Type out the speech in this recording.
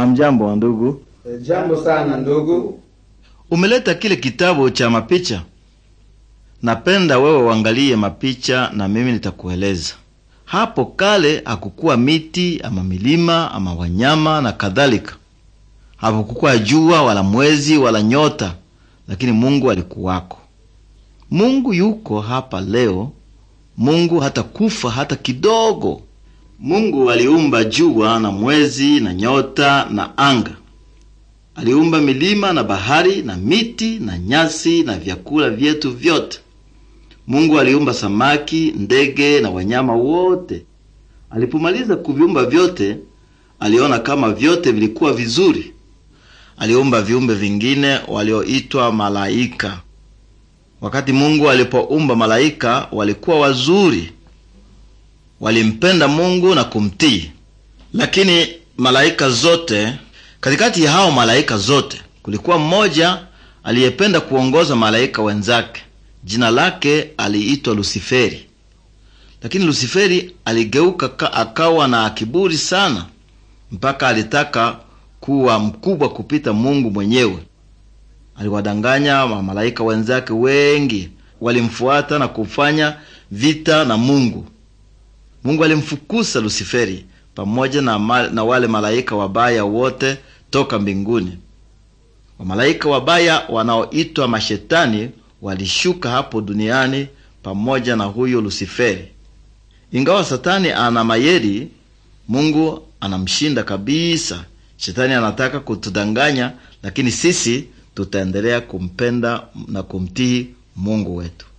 Hamjambo ndugu. Jambo sana ndugu. Umeleta kile kitabu cha mapicha? Napenda wewe uangalie mapicha na mimi nitakueleza. Hapo kale hakukuwa miti ama milima ama wanyama na kadhalika. hapokukuwa jua wala mwezi wala nyota, lakini Mungu alikuwako. Mungu yuko hapa leo. Mungu hatakufa hata kidogo. Mungu aliumba jua na mwezi na nyota na anga. Aliumba milima na bahari na miti na nyasi na vyakula vyetu vyote. Mungu aliumba samaki, ndege na wanyama wote. Alipomaliza kuviumba vyote, aliona kama vyote vilikuwa vizuri. Aliumba viumbe vingine walioitwa malaika. Wakati Mungu alipoumba malaika, walikuwa wazuri walimpenda Mungu na kumtii. Lakini malaika zote, katikati ya hao malaika zote kulikuwa mmoja aliyependa kuongoza malaika wenzake. Jina lake aliitwa Lusiferi. Lakini Lusiferi aligeuka akawa na kiburi sana, mpaka alitaka kuwa mkubwa kupita Mungu mwenyewe. Aliwadanganya mamalaika wenzake wengi, walimfuata na kufanya vita na Mungu. Mungu alimfukuza Lusiferi pamoja na, mal, na wale malaika wabaya wote toka mbinguni. Wamalaika wabaya wanaoitwa mashetani walishuka hapo duniani pamoja na huyo Lusiferi. Ingawa Satani ana mayeri, Mungu anamshinda kabisa. Shetani anataka kutudanganya, lakini sisi tutaendelea kumpenda na kumtii Mungu wetu.